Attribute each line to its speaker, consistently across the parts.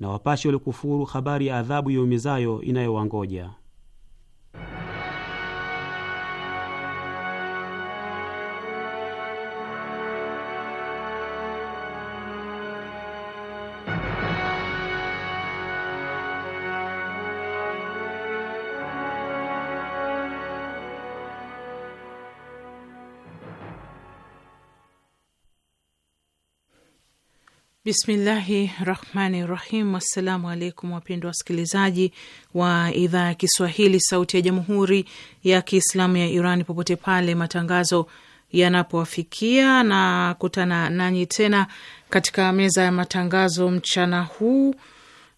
Speaker 1: na wapashe waliokufuru habari ya adhabu yaumizayo inayowangoja.
Speaker 2: Bismillahi rahmani rahim. Assalamu alaikum wapendwa wasikilizaji wa idhaa ya Kiswahili sauti ya jamhuri ya Kiislamu ya Iran, popote pale matangazo yanapowafikia na kutana nanyi tena katika meza ya matangazo mchana huu,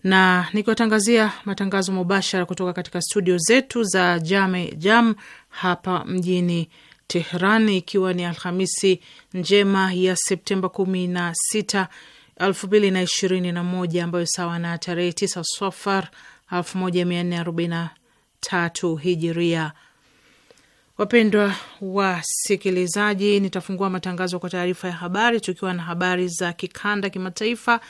Speaker 2: na nikiwatangazia matangazo mubashara kutoka katika studio zetu za Jame Jam hapa mjini Tehran, ikiwa ni Alhamisi njema ya Septemba kumi na sita elfu mbili na ishirini na moja ambayo sawa na tarehe tisa Safar elfu moja mia nne arobaini na tatu hijiria. Wapendwa wasikilizaji, nitafungua matangazo kwa taarifa ya habari, tukiwa na habari za kikanda, kimataifa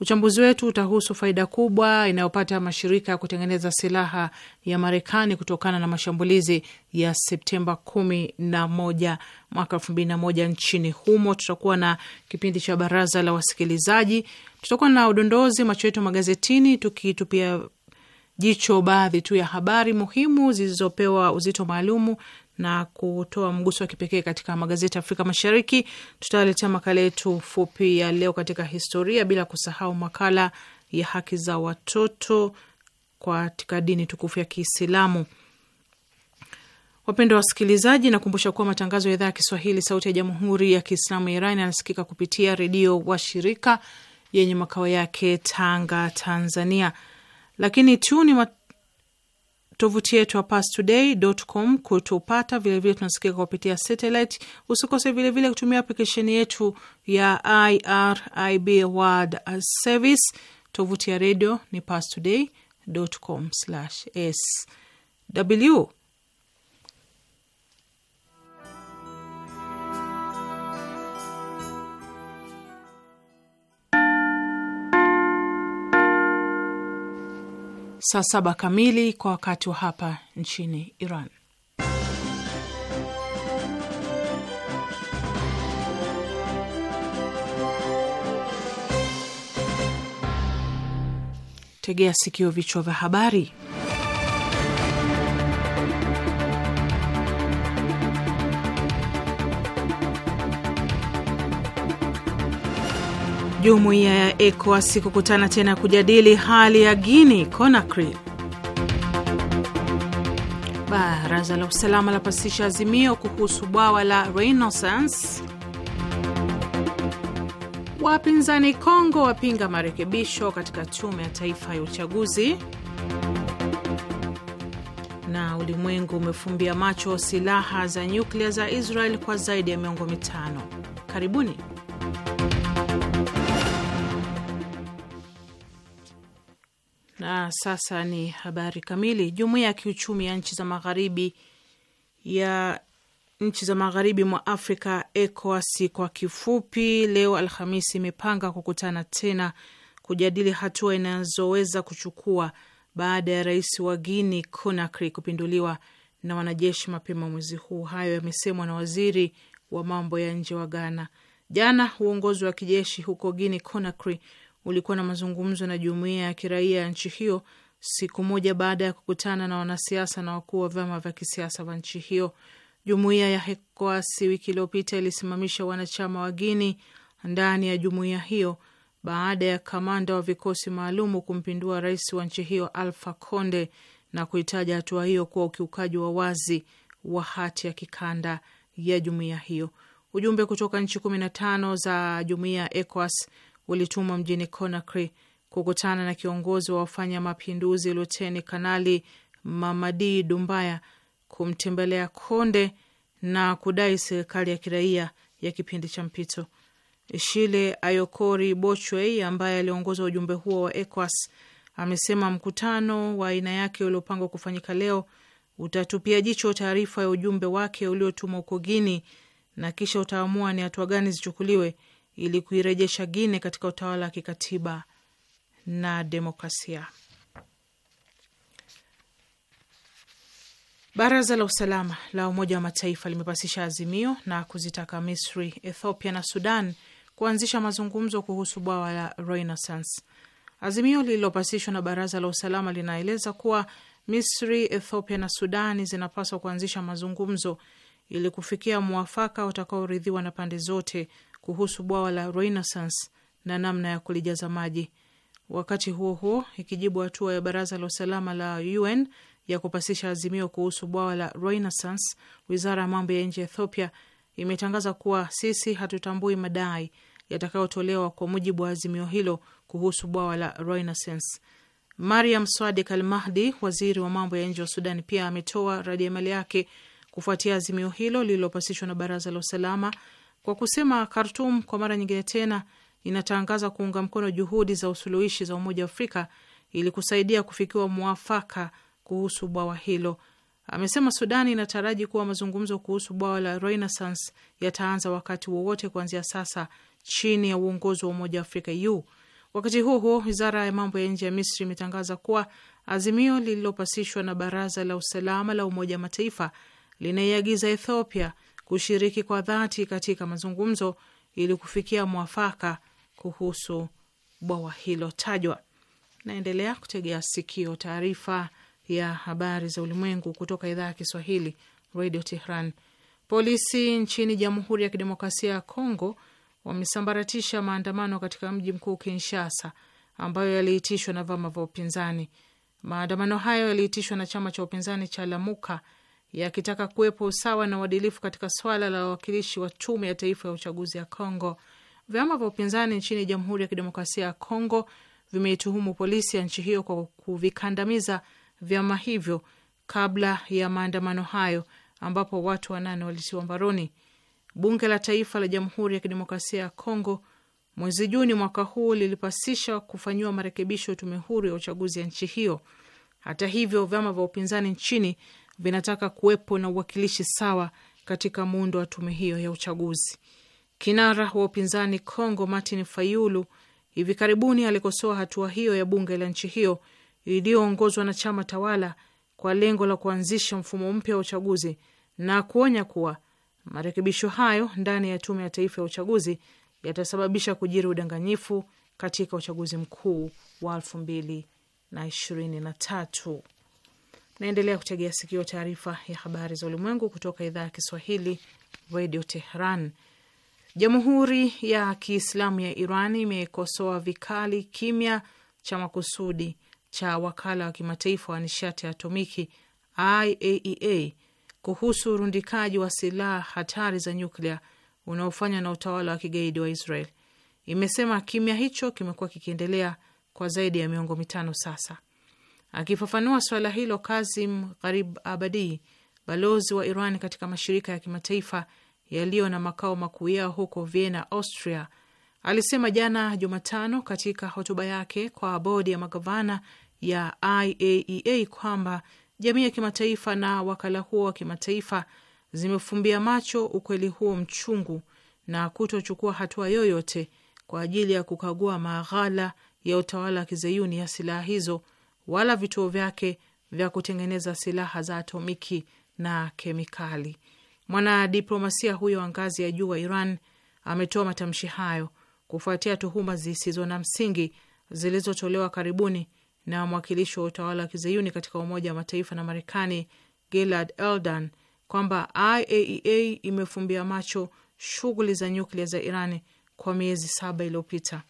Speaker 2: Uchambuzi wetu utahusu faida kubwa inayopata mashirika ya kutengeneza silaha ya Marekani kutokana na mashambulizi ya Septemba kumi na moja mwaka elfu mbili na moja nchini humo. Tutakuwa na kipindi cha baraza la wasikilizaji, tutakuwa na udondozi, macho yetu magazetini, tukitupia jicho baadhi tu ya habari muhimu zilizopewa uzito maalumu na kutoa mguso wa kipekee katika magazeti ya Afrika Mashariki. Tutawaletea makala yetu fupi ya leo katika historia, bila kusahau makala ya haki za watoto katika dini tukufu ya Kiislamu. Wapendwa wasikilizaji, nakumbusha kuwa matangazo ya idhaa ya Kiswahili sauti ya jamhuri ya Kiislamu ya Iran yanasikika kupitia redio washirika yenye makao yake Tanga, Tanzania, lakini tu ni tovuti yetu ya pastoday.com kutupata. Vilevile tunasikika kupitia satellite. Usikose vilevile kutumia aplikesheni yetu ya IRIB World Service. Tovuti ya redio ni pastoday.com/sw saa saba kamili kwa wakati wa hapa nchini Iran. Tegea sikio, vichwa vya habari. Jumuiya ya ECOWAS kukutana tena kujadili hali ya guini Conakry. Baraza la usalama la pasisha azimio kuhusu bwawa la Renaissance. Wapinzani Kongo wapinga marekebisho katika tume ya taifa ya uchaguzi. Na ulimwengu umefumbia macho silaha za nyuklia za Israel kwa zaidi ya miongo mitano. Karibuni. Na sasa ni habari kamili. Jumuiya ya kiuchumi ya nchi za magharibi ya nchi za magharibi mwa Afrika, ECOWAS kwa kifupi, leo Alhamisi imepanga kukutana tena kujadili hatua inazoweza kuchukua baada ya rais wa Guini Conakry kupinduliwa na wanajeshi mapema mwezi huu. Hayo yamesemwa na waziri wa mambo ya nje wa Ghana jana. Uongozi wa kijeshi huko Guini Conakry ulikuwa na mazungumzo na jumuiya ya kiraia ya nchi hiyo siku moja baada ya kukutana na wanasiasa na wakuu wa vyama vya kisiasa vya nchi hiyo. Jumuiya ya ECOWAS wiki iliyopita ilisimamisha wanachama wa Guini ndani ya jumuiya hiyo baada ya kamanda wa vikosi maalumu kumpindua rais wa nchi hiyo Alfa Conde na kuitaja hatua hiyo kuwa ukiukaji wa wazi wa hati ya kikanda ya jumuiya hiyo. Ujumbe kutoka nchi kumi na tano za jumuiya ya ECOWAS ulitumwa mjini Conakry kukutana na kiongozi wa wafanya mapinduzi Luteni Kanali Mamadi Dumbaya kumtembelea Konde na kudai serikali ya kiraia ya kipindi cha mpito. Shile Ayokori Bochwey ambaye aliongoza ujumbe huo wa ECOWAS amesema mkutano wa aina yake uliopangwa kufanyika leo utatupia jicho taarifa ya ujumbe wake uliotumwa huko Guini na kisha utaamua ni hatua gani zichukuliwe ili kuirejesha Gine katika utawala wa kikatiba na demokrasia. Baraza la usalama la Umoja wa Mataifa limepasisha azimio na kuzitaka Misri, Ethiopia na Sudan kuanzisha mazungumzo kuhusu bwawa la Renaissance. Azimio lililopasishwa na baraza la usalama linaeleza kuwa Misri, Ethiopia na Sudani zinapaswa kuanzisha mazungumzo ili kufikia mwafaka utakaoridhiwa na pande zote kuhusu bwawa la Renaissance na namna ya kulijaza maji. Wakati huo huo, ikijibu hatua ya baraza la usalama la UN ya kupasisha azimio kuhusu bwawa la Renaissance, wizara ya mambo ya nje ya Ethiopia imetangaza kuwa sisi hatutambui madai yatakayotolewa kwa mujibu wa azimio hilo kuhusu bwawa la Renaissance. Mariam Swadik Al Mahdi, waziri wa mambo ya nje wa Sudani, pia ametoa radiamali yake kufuatia azimio hilo lililopasishwa na baraza la usalama kwa kusema Khartum kwa mara nyingine tena inatangaza kuunga mkono juhudi za usuluhishi za Umoja wa Afrika ili kusaidia kufikiwa mwafaka kuhusu bwawa hilo. Amesema Sudani inataraji kuwa mazungumzo kuhusu bwawa la Renaissance yataanza wakati wowote kuanzia sasa chini ya uongozi wa Umoja wa Afrika u Wakati huo huo, wizara ya mambo ya nje ya Misri imetangaza kuwa azimio lililopasishwa na Baraza la Usalama la Umoja wa Mataifa linaiagiza Ethiopia kushiriki kwa dhati katika mazungumzo ili kufikia mwafaka kuhusu bwawa hilo tajwa. Naendelea kutegea sikio taarifa ya habari za ulimwengu kutoka idhaa ya Kiswahili, Radio Tehran. Polisi nchini Jamhuri ya Kidemokrasia ya Kongo wamesambaratisha maandamano katika mji mkuu Kinshasa ambayo yaliitishwa na vyama vya upinzani. Maandamano hayo yaliitishwa na chama cha upinzani cha Lamuka yakitaka kuwepo usawa na uadilifu katika swala la wawakilishi wa tume ya taifa ya uchaguzi ya Kongo. Vyama vya upinzani nchini Jamhuri ya Kidemokrasia ya Kongo vimeituhumu polisi ya nchi hiyo kwa kuvikandamiza vyama hivyo kabla ya maandamano hayo, ambapo watu wanane walitiwa mbaroni. Bunge la Taifa la Jamhuri ya Kidemokrasia ya Kongo mwezi Juni mwaka huu lilipasisha kufanyiwa marekebisho tume huru ya uchaguzi ya nchi hiyo. Hata hivyo, vyama vya upinzani nchini vinataka kuwepo na uwakilishi sawa katika muundo wa tume hiyo ya uchaguzi. Kinara wa upinzani congo Martin Fayulu hivi karibuni alikosoa hatua hiyo ya bunge la nchi hiyo iliyoongozwa na chama tawala kwa lengo la kuanzisha mfumo mpya wa uchaguzi na kuonya kuwa marekebisho hayo ndani ya tume ya taifa ya uchaguzi yatasababisha kujiri udanganyifu katika uchaguzi mkuu wa elfu mbili na ishirini na tatu. Naendelea kutegea sikio taarifa ya habari za ulimwengu kutoka idhaa ya Kiswahili redio Tehran. Jamhuri ya Kiislamu ya Iran imekosoa vikali kimya cha makusudi cha wakala wa kimataifa wa nishati ya atomiki IAEA e kuhusu urundikaji wa silaha hatari za nyuklia unaofanywa na utawala wa kigaidi wa Israel. Imesema kimya hicho kimekuwa kikiendelea kwa zaidi ya miongo mitano sasa. Akifafanua swala hilo, Kazim Gharib Abadi, balozi wa Iran katika mashirika ya kimataifa yaliyo na makao makuu yao huko Vienna, Austria, alisema jana Jumatano katika hotuba yake kwa bodi ya magavana ya IAEA e kwamba jamii ya kimataifa na wakala huo wa kimataifa zimefumbia macho ukweli huo mchungu na kutochukua hatua yoyote kwa ajili ya kukagua maghala ya utawala wa kizeyuni ya silaha hizo wala vituo vyake vya kutengeneza silaha za atomiki na kemikali. Mwanadiplomasia huyo wa ngazi ya juu wa Iran ametoa matamshi hayo kufuatia tuhuma zisizo na msingi zilizotolewa karibuni na mwakilishi wa utawala wa kizayuni katika Umoja wa Mataifa na Marekani, Gilad Eldan, kwamba IAEA e imefumbia macho shughuli za nyuklia za Iran kwa miezi saba iliyopita.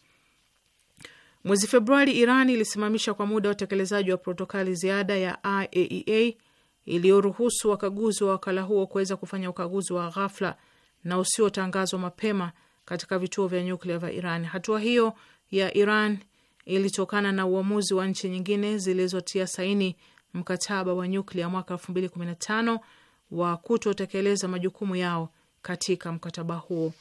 Speaker 2: Mwezi Februari, Iran ilisimamisha kwa muda utekelezaji wa protokali ziada ya IAEA e iliyoruhusu wakaguzi wa wakala huo kuweza kufanya ukaguzi wa ghafla na usiotangazwa mapema katika vituo vya nyuklia vya Iran. Hatua hiyo ya Iran ilitokana na uamuzi wa nchi nyingine zilizotia saini mkataba wa nyuklia mwaka 215 wa kutotekeleza majukumu yao katika mkataba huo.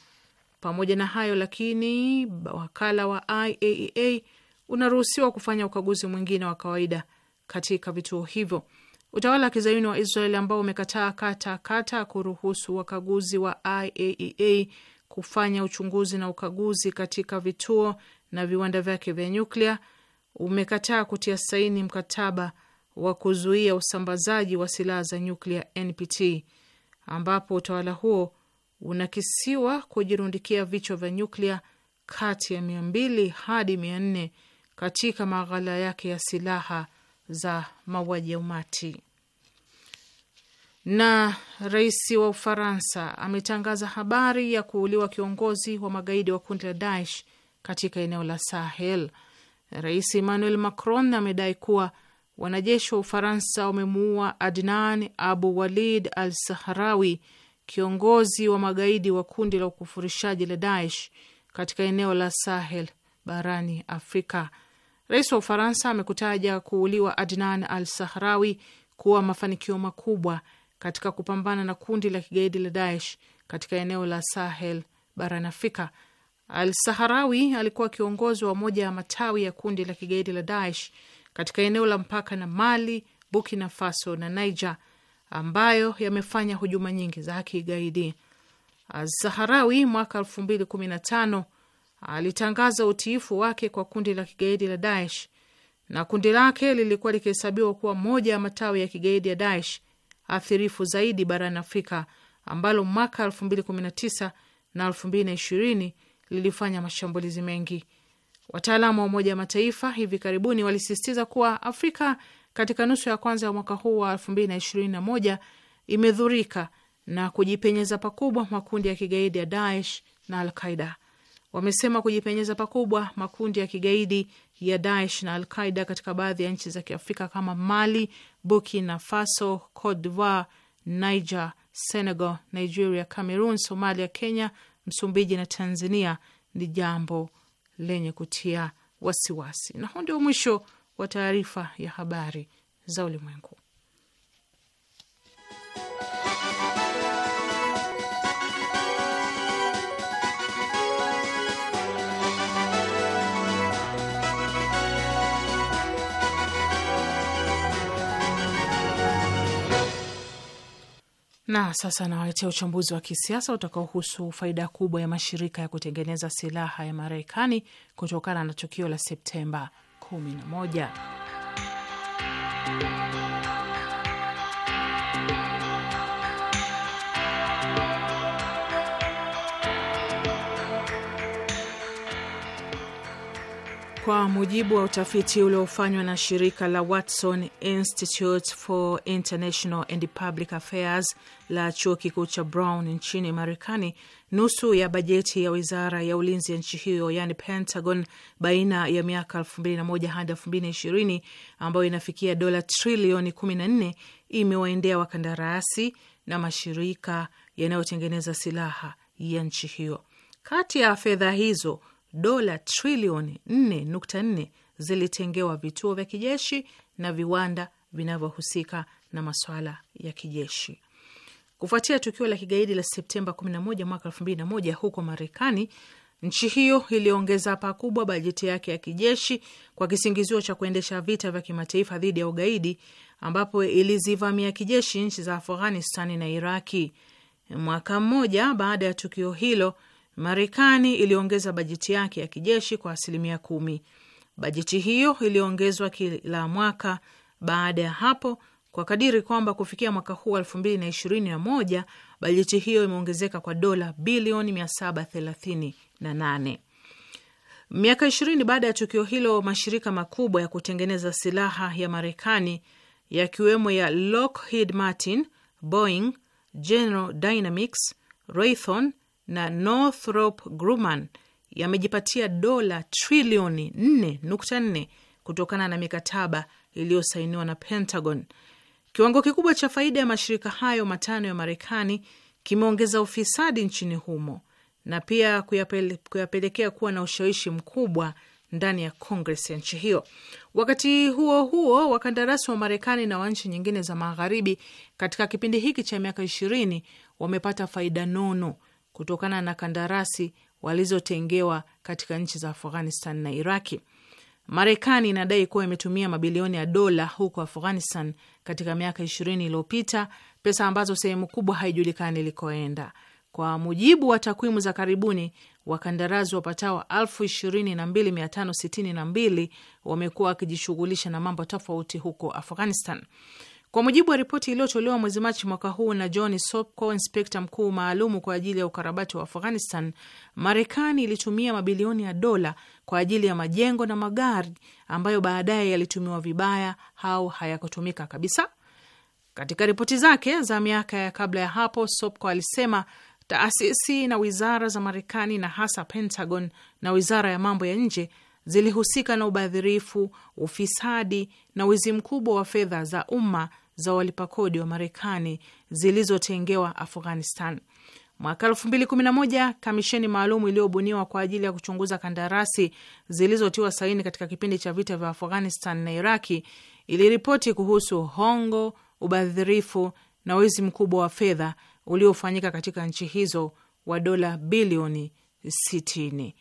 Speaker 2: Pamoja na hayo lakini, wakala wa IAEA e unaruhusiwa kufanya ukaguzi mwingine wa kawaida katika vituo hivyo. Utawala wa kizayuni wa israel ambao umekataa kata kata kuruhusu wakaguzi wa IAEA e kufanya uchunguzi na ukaguzi katika vituo na viwanda vyake vya nyuklia umekataa kutia saini mkataba wa kuzuia usambazaji wa silaha za nyuklia NPT, ambapo utawala huo unakisiwa kujirundikia vichwa vya nyuklia kati ya mia mbili hadi mia nne katika maghala yake ya silaha za mauaji ya umati. Na rais wa Ufaransa ametangaza habari ya kuuliwa kiongozi wa magaidi wa kundi la Daesh katika eneo la Sahel. Rais Emmanuel Macron amedai kuwa wanajeshi wa Ufaransa wamemuua Adnan Abu Walid al Sahrawi, kiongozi wa magaidi wa kundi la ukufurishaji la Daesh katika eneo la Sahel barani Afrika. Rais wa Ufaransa amekutaja kuuliwa Adnan al Sahrawi kuwa mafanikio makubwa katika kupambana na kundi la kigaidi la Daesh katika eneo la Sahel barani Afrika. Al Sahrawi alikuwa kiongozi wa moja ya matawi ya kundi la kigaidi la Daesh katika eneo la mpaka na Mali, Burkina Faso na Niger ambayo yamefanya hujuma nyingi za kigaidi. Azaharawi mwaka elfu mbili kumi na tano alitangaza utiifu wake kwa kundi la kigaidi la Daesh na kundi lake lilikuwa likihesabiwa kuwa moja ya matawi ya kigaidi ya Daesh athirifu zaidi barani Afrika, ambalo mwaka kumi na ishirini lilifanya mashambulizi mengi. Wataalamu wa Umoja wa Mataifa hivi karibuni walisisitiza kuwa Afrika katika nusu ya kwanza ya mwaka huu wa moja imedhurika na kujipenyeza pakubwa makundi ya kigaidi ya Daesh na Alqaida. Wamesema kujipenyeza pakubwa makundi ya kigaidi ya Daesh na Alqaida katika baadhi ya nchi za Kiafrika kama Mali, Burkina Faso, Cote Divoir, Niger, Senegal, Nigeria, Cameroon, Somalia, Kenya, Msumbiji na Tanzania ni jambo lenye kutia wasiwasi. Na huu ndio mwisho wa taarifa ya habari za ulimwengu. Na sasa nawaletea uchambuzi wa kisiasa utakaohusu faida kubwa ya mashirika ya kutengeneza silaha ya Marekani kutokana na tukio la Septemba moja. Kwa mujibu wa utafiti uliofanywa na shirika la Watson Institute for International and Public Affairs la chuo kikuu cha Brown nchini Marekani, Nusu ya bajeti ya wizara ya ulinzi ya nchi hiyo, yani Pentagon, baina ya miaka elfu mbili na moja hadi elfu mbili na ishirini ambayo inafikia dola trilioni kumi na nne imewaendea wakandarasi na mashirika yanayotengeneza silaha ya nchi hiyo. Kati ya fedha hizo dola trilioni 4.4 zilitengewa vituo vya kijeshi na viwanda vinavyohusika na maswala ya kijeshi kufuatia tukio la kigaidi la Septemba 11 mwaka 2001 huko Marekani. Nchi hiyo iliongeza pakubwa bajeti yake ya kijeshi kwa kisingizio cha kuendesha vita vya kimataifa dhidi ya ugaidi, ambapo ilizivamia kijeshi nchi za Afghanistan na Iraki. Mwaka mmoja baada ya tukio hilo, Marekani iliongeza bajeti yake ya kijeshi kwa asilimia kumi. Bajeti hiyo iliongezwa kila mwaka baada ya hapo kwa kadiri kwamba kufikia mwaka huu elfu mbili na ishirini na moja bajeti hiyo imeongezeka kwa dola bilioni mia saba thelathini na nane. Miaka ishirini baada ya tukio hilo, mashirika makubwa ya kutengeneza silaha ya Marekani yakiwemo ya Lockheed Martin, Boeing, General Dynamics, Raytheon na Northrop Grumman yamejipatia dola trilioni 4.4 kutokana na mikataba iliyosainiwa na Pentagon Kiwango kikubwa cha faida ya mashirika hayo matano ya Marekani kimeongeza ufisadi nchini humo na pia kuyapele, kuyapelekea kuwa na ushawishi mkubwa ndani ya Kongres ya nchi hiyo. Wakati huo huo, wakandarasi wa Marekani na wa nchi nyingine za Magharibi katika kipindi hiki cha miaka ishirini wamepata faida nono kutokana na kandarasi walizotengewa katika nchi za Afghanistan na Iraki. Marekani inadai kuwa imetumia mabilioni ya dola huko Afghanistan katika miaka ishirini iliyopita, pesa ambazo sehemu kubwa haijulikani ilikoenda. Kwa mujibu wa takwimu za karibuni, wakandarasi wapatao elfu ishirini na mbili mia tano sitini na mbili wamekuwa wakijishughulisha na mambo tofauti huko Afghanistan, kwa mujibu wa ripoti iliyotolewa mwezi Machi mwaka huu na John Sopko, inspekta mkuu maalumu kwa ajili ya ukarabati wa Afghanistan. Marekani ilitumia mabilioni ya dola kwa ajili ya majengo na magari ambayo baadaye yalitumiwa vibaya au hayakutumika kabisa. Katika ripoti zake za miaka ya kabla ya hapo, Sopko alisema taasisi na wizara za Marekani na hasa Pentagon na wizara ya mambo ya nje zilihusika na ubadhirifu, ufisadi na wizi mkubwa wa fedha za umma za walipakodi wa Marekani zilizotengewa Afghanistan. Mwaka moja kamisheni maalum iliyobuniwa kwa ajili ya kuchunguza kandarasi zilizotiwa saini katika kipindi cha vita vya Afghanistan na Iraki iliripoti kuhusu hongo, ubadhirifu na wizi mkubwa wa fedha uliofanyika katika nchi hizo wa dola bilioni sitini.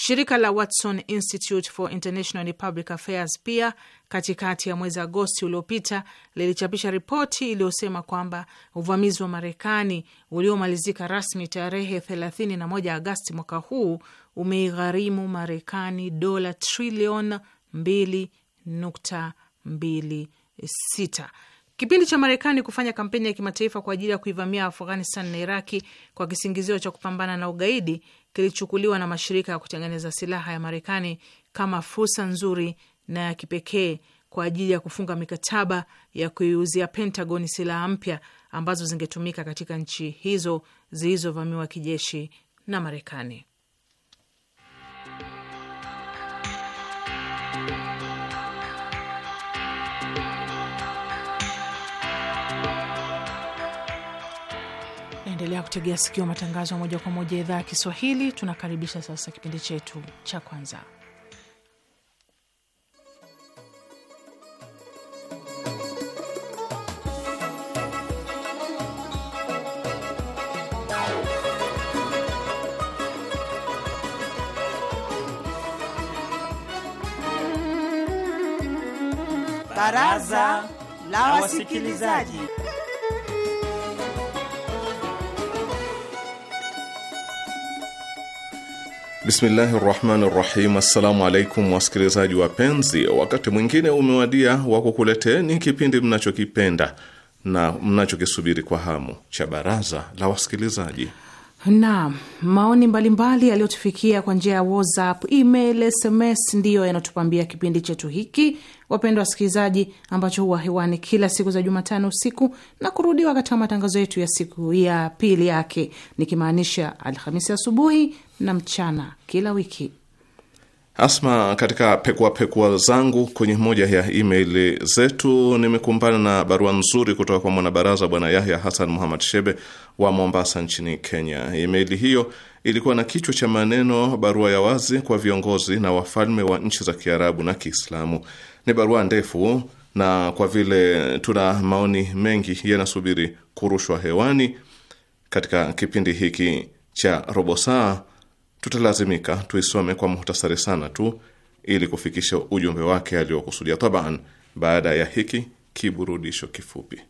Speaker 2: Shirika la Watson Institute for International and Public Affairs pia katikati ya mwezi Agosti uliopita lilichapisha ripoti iliyosema kwamba uvamizi wa Marekani uliomalizika rasmi tarehe 31 Agosti mwaka huu umeigharimu Marekani dola trilioni 2.26. Kipindi cha Marekani kufanya kampeni ya kimataifa kwa ajili ya kuivamia Afghanistan na Iraki kwa kisingizio cha kupambana na ugaidi kilichukuliwa na mashirika ya kutengeneza silaha ya Marekani kama fursa nzuri na ya kipekee kwa ajili ya kufunga mikataba ya kuiuzia Pentagon silaha mpya ambazo zingetumika katika nchi hizo zilizovamiwa kijeshi na Marekani. Unaendelea kutegea sikio matangazo ya moja kwa moja ya idhaa ya Kiswahili. Tunakaribisha sasa kipindi chetu cha kwanza,
Speaker 1: Baraza la Wasikilizaji.
Speaker 3: Bismillahi rahmani rahim. Assalamu alaikum wasikilizaji wapenzi, wakati mwingine umewadia wa kukuleteni kipindi mnachokipenda na mnachokisubiri kwa hamu cha Baraza la Wasikilizaji.
Speaker 2: Naam, maoni mbalimbali yaliyotufikia kwa njia ya WhatsApp, email, SMS ndiyo yanatupambia kipindi chetu hiki wapendwa wasikilizaji, ambacho huwa hewani kila siku za Jumatano usiku na kurudiwa katika matangazo yetu ya siku ya pili yake, nikimaanisha Alhamisi asubuhi na mchana kila wiki.
Speaker 3: Asma, katika pekuapekua zangu kwenye moja ya email zetu nimekumbana na barua nzuri kutoka kwa mwanabaraza Bwana Yahya Hassan Muhammad Shebe wa Mombasa nchini Kenya. Email hiyo ilikuwa na kichwa cha maneno barua ya wazi kwa viongozi na wafalme wa nchi za Kiarabu na Kiislamu. Ni barua ndefu, na kwa vile tuna maoni mengi yanasubiri kurushwa hewani katika kipindi hiki cha robo saa, tutalazimika tuisome kwa muhtasari sana tu ili kufikisha ujumbe wake aliokusudia, taban, baada ya hiki kiburudisho kifupi.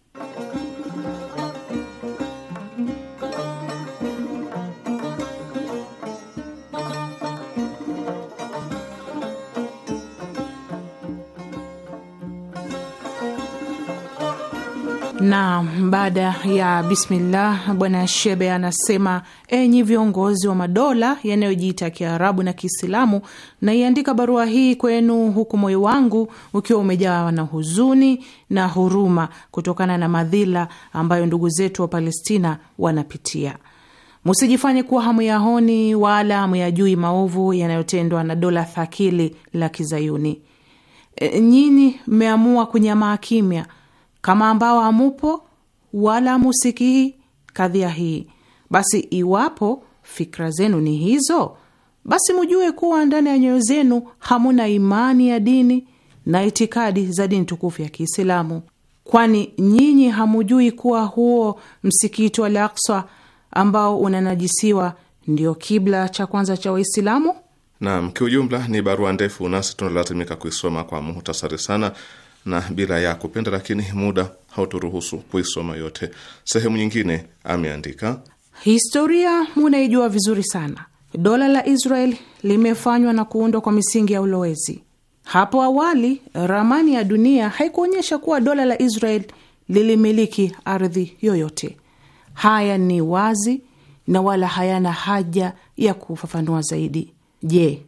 Speaker 2: na baada ya bismillah, Bwana Shebe anasema enyi viongozi wa madola yanayojiita Kiarabu na Kiislamu, naiandika barua hii kwenu huku moyo wangu ukiwa umejawa na huzuni na huruma kutokana na madhila ambayo ndugu zetu wa Palestina wanapitia. Musijifanye kuwa hamuyaoni wala hamuyajui maovu yanayotendwa na dola thakili la Kizayuni. E, nyinyi mmeamua kunyamaa kimya kama ambao amupo wala musikihi kadhia hii. Basi iwapo fikra zenu ni hizo, basi mujue kuwa ndani ya nyoyo zenu hamuna imani ya dini na itikadi za dini tukufu ya Kiislamu, kwani nyinyi hamujui kuwa huo msikiti wa Al-Aqsa ambao unanajisiwa ndio kibla cha kwanza cha Waislamu.
Speaker 3: Naam, kiujumla ni barua ndefu, nasi tunalazimika kuisoma kwa muhtasari sana na bila ya kupenda, lakini muda hauturuhusu kuisoma yote. Sehemu nyingine ameandika,
Speaker 2: historia munaijua vizuri sana. Dola la Israel limefanywa na kuundwa kwa misingi ya ulowezi. Hapo awali ramani ya dunia haikuonyesha kuwa dola la Israel lilimiliki ardhi yoyote. Haya ni wazi na wala hayana haja ya kufafanua zaidi. Je,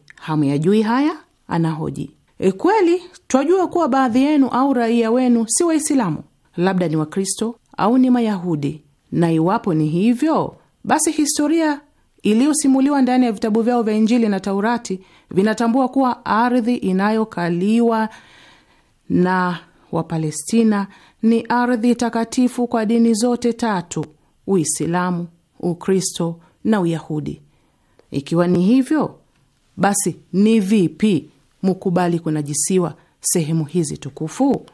Speaker 2: jui haya? Anahoji. E, kweli twajua kuwa baadhi yenu au raia wenu si Waislamu, labda ni Wakristo au ni Mayahudi, na iwapo ni hivyo, basi historia iliyosimuliwa ndani ya vitabu vyao vya Injili na Taurati vinatambua kuwa ardhi inayokaliwa na Wapalestina ni ardhi takatifu kwa dini zote tatu, Uislamu, Ukristo na Uyahudi. Ikiwa ni hivyo, basi ni vipi mukubali kunajisiwa sehemu hizi tukufu?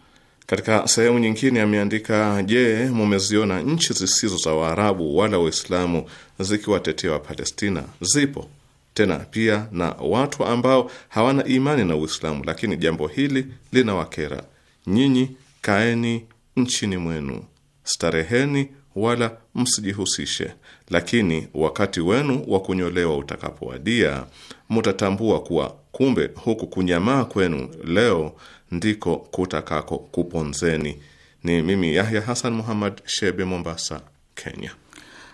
Speaker 3: Katika sehemu nyingine ameandika, je, mumeziona nchi zisizo za Waarabu wala Waislamu zikiwatetea Wapalestina? Zipo tena pia na watu ambao hawana imani na Uislamu, lakini jambo hili linawakera nyinyi. Kaeni nchini mwenu, stareheni, wala msijihusishe. Lakini wakati wenu wa kunyolewa utakapowadia, mutatambua kuwa Kumbe huku kunyamaa kwenu leo ndiko kutakako kuponzeni. Ni mimi Yahya Hasan Muhammad Shebe, Mombasa, Kenya.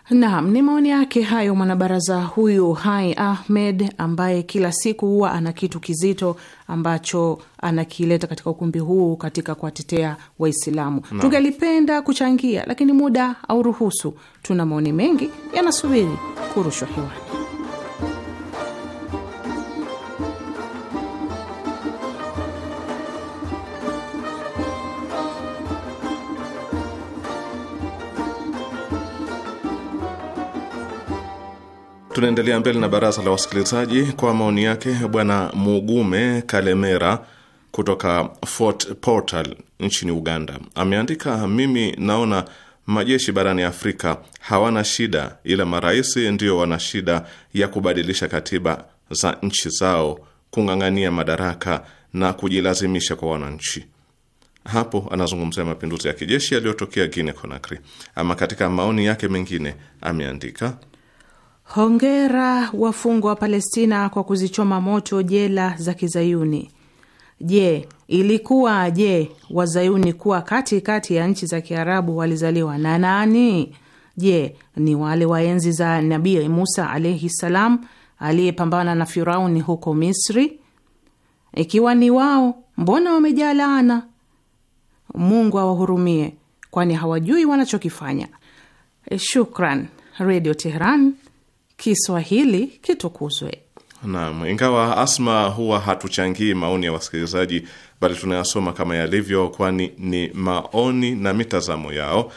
Speaker 2: Naam, ni maoni yake hayo mwanabaraza huyu Hai Ahmed, ambaye kila siku huwa ana kitu kizito ambacho anakileta katika ukumbi huu katika kuwatetea Waislamu. Tungelipenda kuchangia, lakini muda au ruhusu, tuna maoni mengi yanasubiri kurushwa hewani.
Speaker 3: Tunaendelea mbele na baraza la wasikilizaji kwa maoni yake Bwana Mugume Kalemera kutoka Fort Portal nchini Uganda. Ameandika, mimi naona majeshi barani Afrika hawana shida, ila marais ndiyo wana shida ya kubadilisha katiba za nchi zao, kung'ang'ania madaraka na kujilazimisha kwa wananchi. Hapo anazungumzia mapinduzi ya kijeshi yaliyotokea Guinea Conakry. Ama katika maoni yake mengine ameandika
Speaker 2: Hongera wafungwa wa Palestina kwa kuzichoma moto jela za Kizayuni. Je, ilikuwa je Wazayuni kuwa kati kati ya nchi za Kiarabu walizaliwa na nani? Je, ni wale wa enzi za Nabii Musa alaihi salam aliyepambana na Firauni huko Misri? Ikiwa ni wao, mbona wamejaa laana? Mungu awahurumie, kwani hawajui wanachokifanya. Shukran, Radio Tehran Kiswahili kitukuzwe.
Speaker 3: Naam, ingawa Asma, huwa hatuchangii maoni ya wasikilizaji, bali tunayasoma kama yalivyo, kwani ni maoni na mitazamo yao.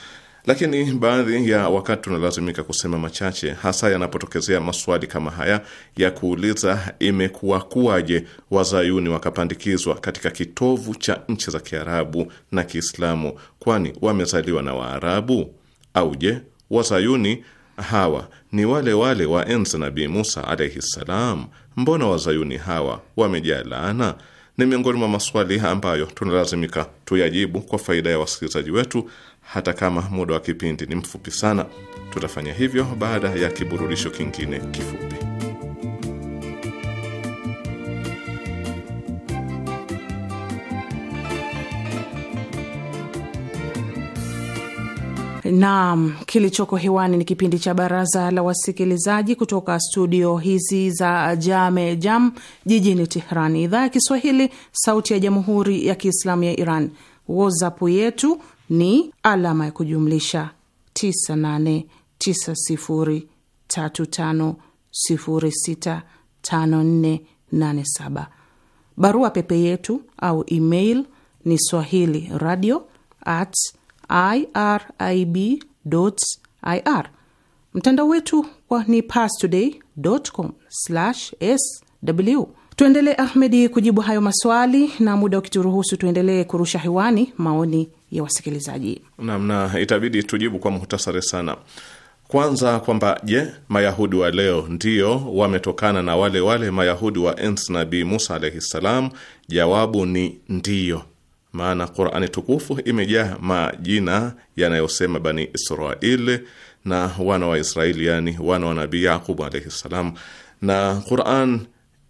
Speaker 3: Lakini baadhi ya wakati tunalazimika kusema machache, hasa yanapotokezea maswali kama haya ya kuuliza imekuwa kuwaje wazayuni wakapandikizwa katika kitovu cha nchi za Kiarabu na Kiislamu, kwani wamezaliwa na Waarabu au je, wazayuni hawa ni wale wale wa enzi Nabii Musa alaihi ssalam. Mbona wazayuni hawa wamejaa laana? Ni miongoni mwa maswali ambayo tunalazimika tuyajibu kwa faida ya wasikilizaji wetu, hata kama muda wa kipindi ni mfupi sana. Tutafanya hivyo baada ya kiburudisho kingine kifupi.
Speaker 2: Naam, kilichoko hewani ni kipindi cha baraza la wasikilizaji kutoka studio hizi za Jame Jam jijini Tehran, idhaa ya Kiswahili, sauti ya jamhuri ya kiislamu ya Iran. WhatsApp yetu ni alama ya kujumlisha 989035065487. Barua pepe yetu au email ni swahili radio at irib.ir. Mtandao wetu ni parstoday.com/sw. Tuendelee Ahmedi kujibu hayo maswali, na muda ukituruhusu, tuendelee kurusha hewani maoni ya wasikilizaji.
Speaker 3: Naam, na itabidi tujibu kwa muhtasari sana. Kwanza kwamba je, Mayahudi wa leo ndiyo wametokana na wale wale Mayahudi wa ens Nabii Musa alaihi ssalam? Jawabu ni ndiyo maana Qurani tukufu imejaa majina yanayosema Bani israili na wana wa Israeli, yani wana wa Nabii Yaqubu alaihi ssalam, na Quran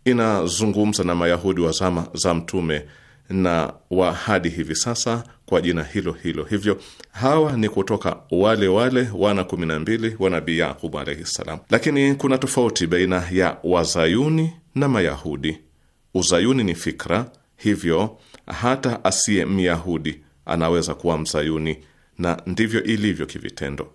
Speaker 3: inazungumza na Mayahudi wa zama za Mtume na wa hadi hivi sasa kwa jina hilo hilo. Hivyo hawa ni kutoka wale wale wana kumi na mbili wa Nabii Yaqubu alaihi ssalam, lakini kuna tofauti baina ya Wazayuni na Mayahudi. Uzayuni ni fikra, hivyo hata asiye Myahudi anaweza kuwa Mzayuni, na ndivyo ilivyo kivitendo.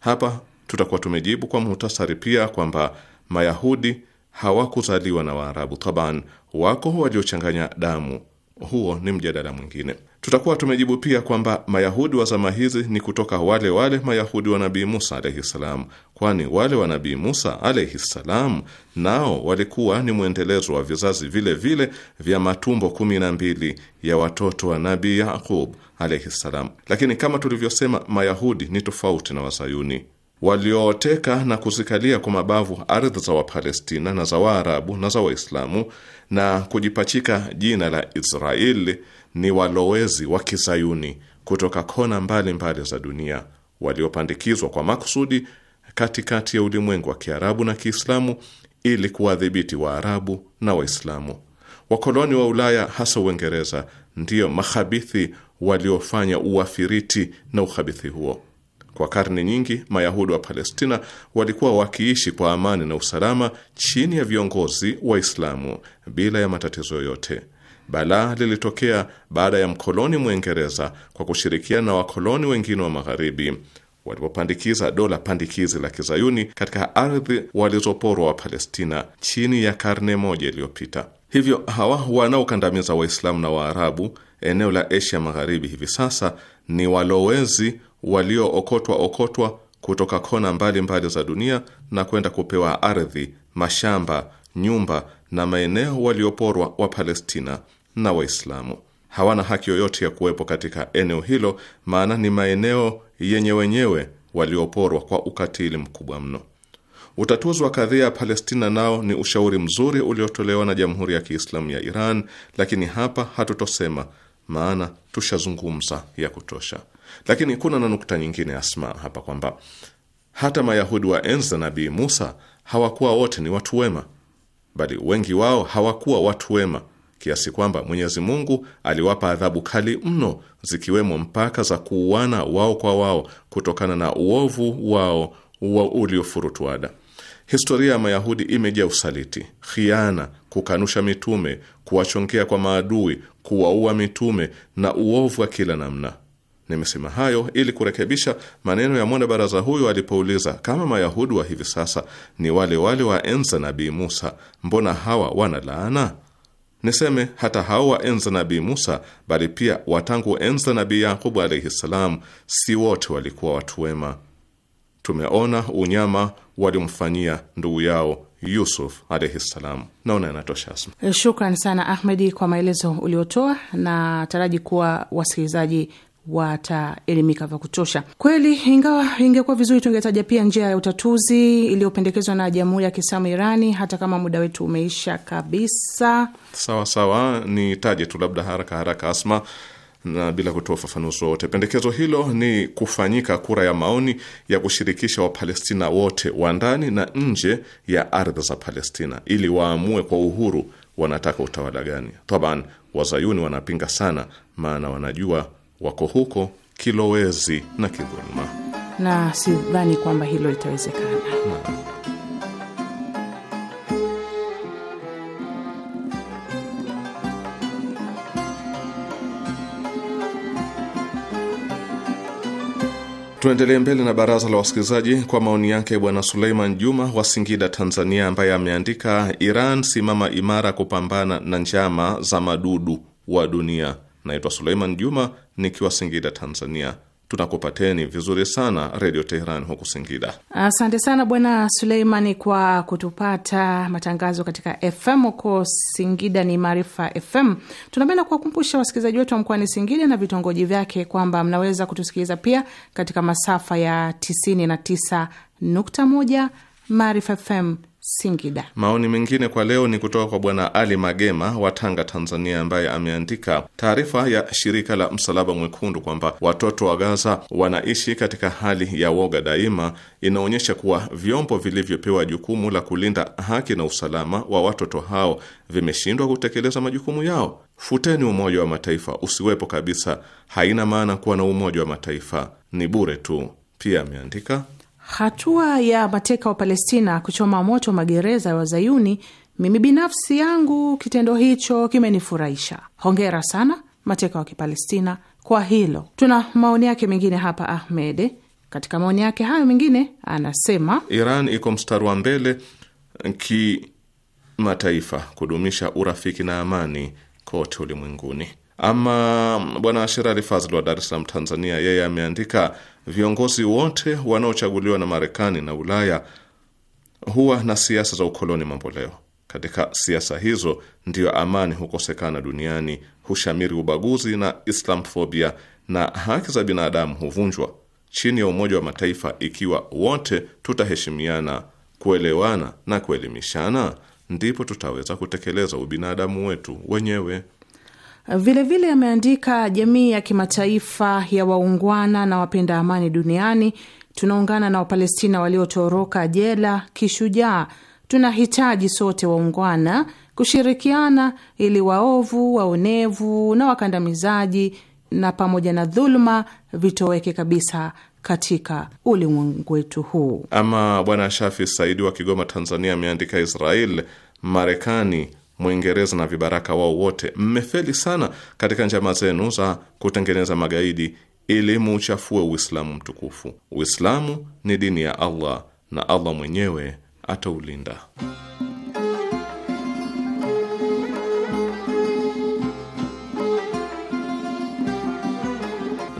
Speaker 3: Hapa tutakuwa tumejibu kwa muhtasari pia kwamba Mayahudi hawakuzaliwa na Waarabu taban, wako waliochanganya damu huo ni mjadala mwingine. Tutakuwa tumejibu pia kwamba Mayahudi wa zama hizi ni kutoka wale wale Mayahudi wa Nabii Musa alaihi ssalam, kwani wale wa Nabii Musa alaihi ssalam nao walikuwa ni mwendelezo wa vizazi vile vile vya matumbo kumi na mbili ya watoto wa Nabii Yaqub alaihi ssalam. Lakini kama tulivyosema, Mayahudi ni tofauti na Wasayuni waliooteka na kuzikalia kwa mabavu ardhi za Wapalestina na za Waarabu na za Waislamu na kujipachika jina la Israeli ni walowezi wa kizayuni kutoka kona mbalimbali mbali za dunia waliopandikizwa kwa makusudi katikati ya ulimwengu wa Kiarabu na Kiislamu ili kuwadhibiti Waarabu na Waislamu. Wakoloni wa Ulaya hasa Uingereza ndiyo makhabithi waliofanya uafiriti na ukhabithi huo. Kwa karne nyingi Mayahudi wa Palestina walikuwa wakiishi kwa amani na usalama chini ya viongozi Waislamu bila ya matatizo yoyote. Balaa lilitokea baada ya mkoloni Mwingereza kwa kushirikiana na wakoloni wengine wa Magharibi walipopandikiza dola pandikizi la kizayuni katika ardhi walizoporwa wa Palestina chini ya karne moja iliyopita. Hivyo hawa wanaokandamiza Waislamu na Waarabu eneo la Asia Magharibi hivi sasa ni walowezi waliookotwa okotwa kutoka kona mbalimbali mbali za dunia na kwenda kupewa ardhi, mashamba, nyumba na maeneo walioporwa wa Palestina na Waislamu. Hawana haki yoyote ya kuwepo katika eneo hilo, maana ni maeneo yenye wenyewe walioporwa kwa ukatili mkubwa mno. Utatuzi wa kadhia ya Palestina nao ni ushauri mzuri uliotolewa na Jamhuri ya Kiislamu ya Iran, lakini hapa hatutosema maana tushazungumza ya kutosha. Lakini kuna na nukta nyingine Asma hapa kwamba hata Mayahudi wa enzi za Nabii Musa hawakuwa wote ni watu wema, bali wengi wao hawakuwa watu wema kiasi kwamba Mwenyezi Mungu aliwapa adhabu kali mno, zikiwemo mpaka za kuuana wao kwa wao kutokana na uovu wao wa uliofurutuada. Historia ya Mayahudi imejaa usaliti, khiana, kukanusha mitume, kuwachongea kwa maadui, kuwaua mitume na uovu wa kila namna. Nimesema hayo ili kurekebisha maneno ya mwana baraza huyo alipouliza kama Mayahudi wa hivi sasa ni wale wale wa enza Nabii Musa, mbona hawa wana laana? Niseme hata hao wa enza Nabii Musa, bali pia watangu enza Nabii Yakubu alaihi ssalam, si wote walikuwa watu wema tumeona unyama walimfanyia ndugu yao Yusuf alaihi ssalam. Naona yanatosha Asma.
Speaker 2: Eh, shukran sana Ahmedi kwa maelezo uliotoa, na taraji kuwa wasikilizaji wataelimika vya kutosha kweli. Ingawa ingekuwa vizuri tungetaja pia njia ya utatuzi iliyopendekezwa na Jamhuri ya Kiislamu Irani, hata kama muda wetu umeisha kabisa.
Speaker 3: Sawa sawa, taje tu labda haraka haraka Asma, na bila kutoa ufafanuzi wowote. Pendekezo hilo ni kufanyika kura ya maoni ya kushirikisha Wapalestina wote wa ndani na nje ya ardhi za Palestina ili waamue kwa uhuru wanataka utawala gani. Taban, wazayuni wanapinga sana, maana wanajua wako huko kilowezi na kidhuluma,
Speaker 2: na sidhani kwamba hilo litawezekana.
Speaker 3: Tuendelee mbele na baraza la wasikilizaji kwa maoni yake Bwana Suleiman Juma wa Singida, Tanzania, ambaye ameandika Iran simama imara kupambana na njama za madudu wa dunia. Naitwa Suleiman Juma nikiwa Singida, Tanzania tunakupateni vizuri sana Redio Teheran huku Singida.
Speaker 2: Asante sana Bwana Suleimani kwa kutupata matangazo katika FM huko Singida ni Maarifa FM. Tunapenda kuwakumbusha wasikilizaji wetu wa mkoani Singida na vitongoji vyake kwamba mnaweza kutusikiliza pia katika masafa ya 99.1 Maarifa FM Singida.
Speaker 3: Maoni mengine kwa leo ni kutoka kwa Bwana Ali Magema wa Tanga, Tanzania, ambaye ameandika taarifa ya shirika la Msalaba Mwekundu kwamba watoto wa Gaza wanaishi katika hali ya woga daima, inaonyesha kuwa vyombo vilivyopewa jukumu la kulinda haki na usalama wa watoto hao vimeshindwa kutekeleza majukumu yao. Futeni Umoja wa Mataifa usiwepo kabisa. Haina maana kuwa na Umoja wa Mataifa, ni bure tu. Pia ameandika
Speaker 2: Hatua ya mateka wa Palestina kuchoma moto magereza ya wa Wazayuni, mimi binafsi yangu kitendo hicho kimenifurahisha. Hongera sana mateka wa Kipalestina kwa hilo. Tuna maoni yake mengine hapa, Ahmed. Katika maoni yake hayo mengine anasema,
Speaker 3: Iran iko mstari wa mbele kimataifa kudumisha urafiki na amani kote ulimwenguni. Ama bwana Sherali Fazl wa Dar es Salaam, Tanzania, yeye ameandika viongozi wote wanaochaguliwa na Marekani na Ulaya huwa na siasa za ukoloni mamboleo. Katika siasa hizo ndiyo amani hukosekana duniani, hushamiri ubaguzi na Islamfobia, na haki za binadamu huvunjwa. Chini ya Umoja wa Mataifa, ikiwa wote tutaheshimiana, kuelewana na kuelimishana, ndipo tutaweza kutekeleza ubinadamu wetu wenyewe.
Speaker 2: Vilevile ameandika jamii ya kimataifa ya waungwana na wapenda amani duniani, tunaungana na Wapalestina waliotoroka jela kishujaa. Tunahitaji sote waungwana kushirikiana ili waovu, waonevu na wakandamizaji na pamoja na dhuluma vitoweke kabisa katika ulimwengu wetu huu.
Speaker 3: Ama Bwana Shafi Saidi wa Kigoma, Tanzania, ameandika Israel, Marekani Mwingereza na vibaraka wao wote, mmefeli sana katika njama zenu za kutengeneza magaidi ili muuchafue Uislamu mtukufu. Uislamu ni dini ya Allah na Allah mwenyewe ataulinda.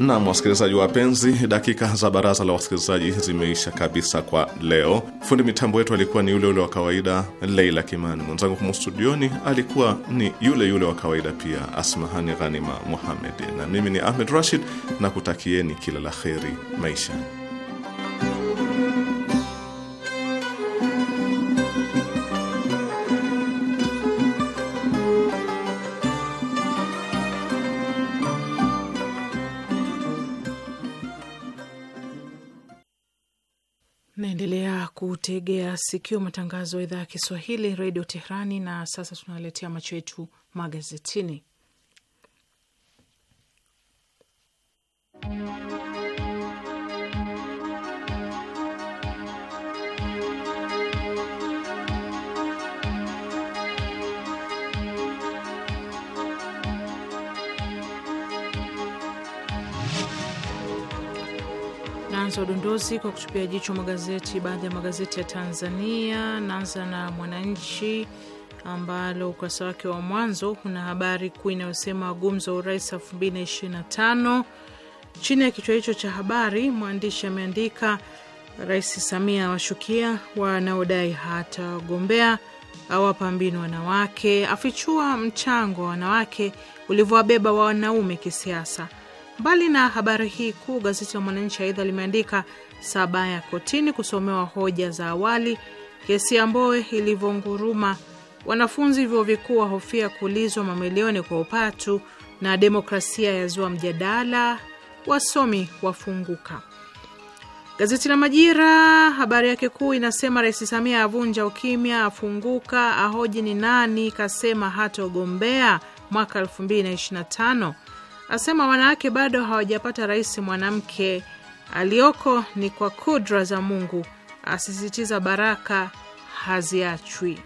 Speaker 3: Nam, wasikilizaji wapenzi, dakika za baraza la wasikilizaji zimeisha kabisa kwa leo. Fundi mitambo wetu alikuwa ni yule yule wa kawaida Leila Kimani, mwenzangu humu studioni alikuwa ni yule yule wa kawaida pia Asmahani Ghanima Muhamed, na mimi ni Ahmed Rashid na kutakieni kila la kheri maisha
Speaker 2: kutegea sikio matangazo ya idhaa ya Kiswahili redio Tehrani. Na sasa tunaletea macho yetu magazetini tunaanza udondozi kwa kutupia jicho magazeti, baadhi ya magazeti ya Tanzania. Naanza na Mwananchi ambalo ukurasa wake wa mwanzo kuna habari kuu inayosema gumzo urais 2025. Chini ya kichwa hicho cha habari mwandishi ameandika Rais Samia awashukia wanaodai hatagombea, awapa mbinu wanawake, afichua mchango wa wanawake ulivyowabeba wanaume kisiasa Mbali na habari hii kuu, gazeti la Mwananchi aidha limeandika Sabaya kotini kusomewa hoja za awali, kesi ya Mbowe ilivyonguruma, wanafunzi vyuo vikuu wahofia kuulizwa mamilioni kwa upatu, na demokrasia yazua mjadala, wasomi wafunguka. Gazeti la Majira habari yake kuu inasema Rais Samia avunja ukimya, afunguka, ahoji ni nani kasema hata ugombea mwaka 2025 asema wanawake bado hawajapata rais mwanamke, alioko ni kwa kudra za Mungu, asisitiza baraka haziachwi.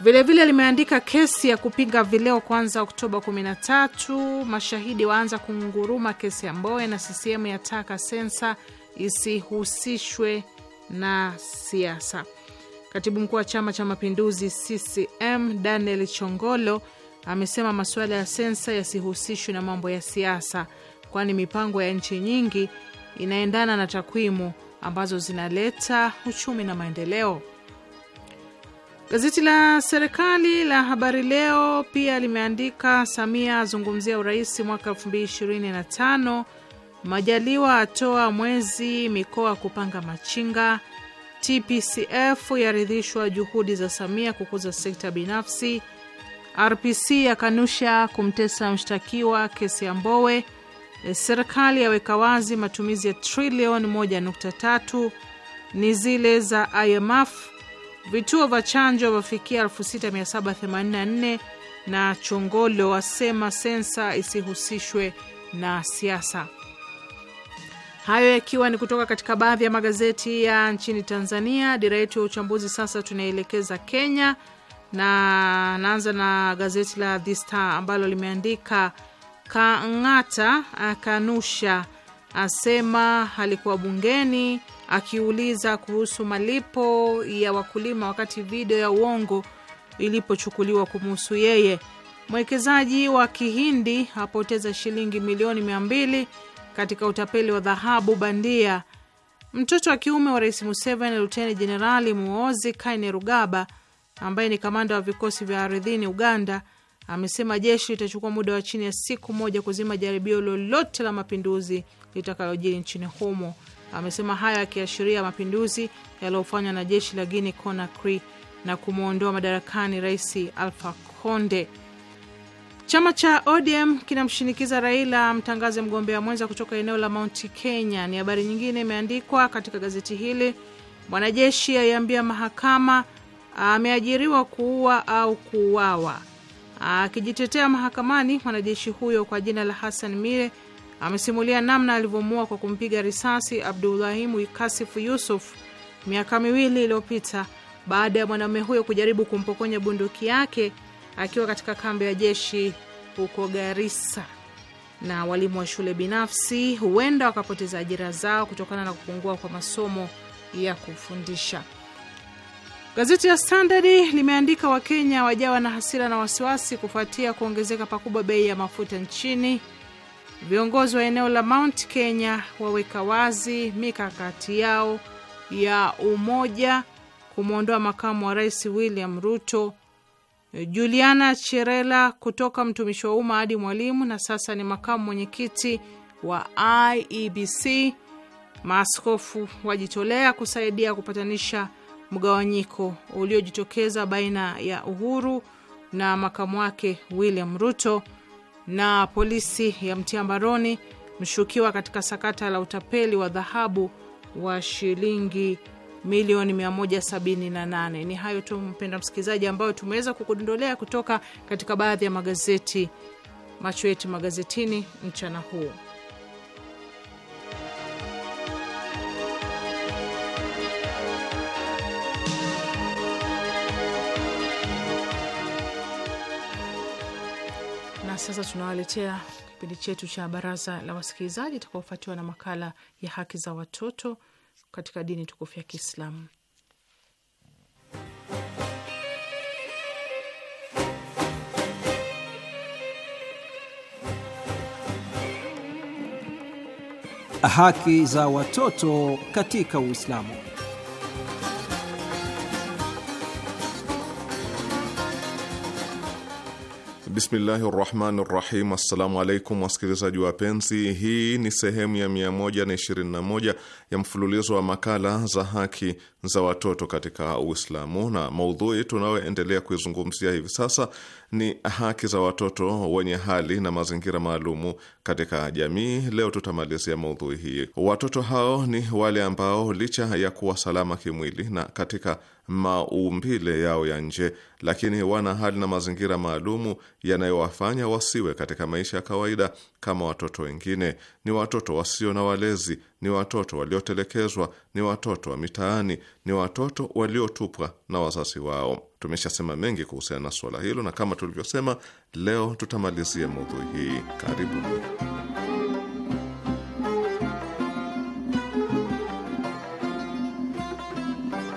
Speaker 2: Vilevile limeandika kesi ya kupinga vileo kwanza Oktoba 13, mashahidi waanza kunguruma kesi ya Mboe na CCM yataka sensa isihusishwe na siasa. Katibu mkuu wa Chama cha Mapinduzi CCM Daniel Chongolo amesema masuala ya sensa yasihusishwe na mambo ya siasa, kwani mipango ya nchi nyingi inaendana na takwimu ambazo zinaleta uchumi na maendeleo. Gazeti la serikali la Habari Leo pia limeandika Samia azungumzia urais mwaka 2025, Majaliwa atoa mwezi mikoa kupanga machinga, TPCF yaridhishwa juhudi za Samia kukuza sekta binafsi RPC yakanusha kumtesa mshtakiwa kesi ya Mbowe. E, serikali yaweka wazi matumizi ya trilioni 1.3 ni zile za IMF. Vituo vya chanjo vafikia 6784 na Chongolo wasema sensa isihusishwe na siasa. Hayo yakiwa ni kutoka katika baadhi ya magazeti ya nchini Tanzania. Dira yetu ya uchambuzi sasa tunaelekeza Kenya na naanza na gazeti la The Star ambalo limeandika Kang'ata akanusha, asema alikuwa bungeni akiuliza kuhusu malipo ya wakulima wakati video ya uongo ilipochukuliwa kumuhusu yeye. Mwekezaji wa Kihindi apoteza shilingi milioni mia mbili katika utapeli wa dhahabu bandia. Mtoto wa kiume wa Rais Museveni, Luteni Jenerali Muozi Kainerugaba ambaye ni kamanda wa vikosi vya ardhini Uganda, amesema jeshi litachukua muda wa chini ya siku moja kuzima jaribio lolote la mapinduzi litakalojiri nchini humo. Amesema hayo akiashiria mapinduzi yaliyofanywa na jeshi la Guinea Conakry na kumwondoa madarakani Rais Alpha Conde. Chama cha ODM kinamshinikiza Raila amtangaze mgombea mwenza kutoka eneo la Mount Kenya. Ni habari nyingine imeandikwa katika gazeti hili. Mwanajeshi aiambia mahakama ameajiriwa kuua au kuuawa. Akijitetea mahakamani, mwanajeshi huyo kwa jina la Hassan Mire amesimulia namna alivyomuua kwa kumpiga risasi abdurahimu Kasifu Yusuf miaka miwili iliyopita baada ya mwanamume huyo kujaribu kumpokonya bunduki yake akiwa katika kambi ya jeshi huko Garissa. Na walimu wa shule binafsi huenda wakapoteza ajira zao kutokana na kupungua kwa masomo ya kufundisha. Gazeti la Standard limeandika Wakenya wajawa na hasira na wasiwasi kufuatia kuongezeka pakubwa bei ya mafuta nchini. Viongozi wa eneo la Mount Kenya waweka wazi mikakati yao ya umoja kumwondoa makamu wa rais William Ruto. Juliana Cherela kutoka mtumishi wa umma hadi mwalimu na sasa ni makamu mwenyekiti wa IEBC. Maaskofu wajitolea kusaidia kupatanisha mgawanyiko uliojitokeza baina ya Uhuru na makamu wake William Ruto, na polisi ya mtia mbaroni mshukiwa katika sakata la utapeli wa dhahabu wa shilingi milioni 178. Ni hayo tu, mpenda msikilizaji, ambayo tumeweza kukudondolea kutoka katika baadhi ya magazeti macho yetu magazetini mchana huu. sasa tunawaletea kipindi chetu cha baraza la wasikilizaji itakaofuatiwa na makala ya haki za watoto katika dini tukufu ya Kiislamu.
Speaker 4: Haki za watoto katika Uislamu.
Speaker 3: Bismillahi rahmani rahim. Assalamu alaikum wasikilizaji wapenzi, hii ni sehemu ya 121 ya mfululizo wa makala za haki za watoto katika Uislamu, na maudhui tunayoendelea kuizungumzia hivi sasa ni haki za watoto wenye hali na mazingira maalumu katika jamii. Leo tutamalizia maudhui hii. Watoto hao ni wale ambao licha ya kuwa salama kimwili na katika maumbile yao ya nje, lakini wana hali na mazingira maalumu yanayowafanya wasiwe katika maisha ya kawaida kama watoto wengine. Ni watoto wasio na walezi, ni watoto waliotelekezwa, ni watoto wa mitaani, ni watoto waliotupwa na wazazi wao. Tumeshasema mengi kuhusiana na suala hilo, na kama tulivyosema, leo tutamalizia maudhui hii. karibu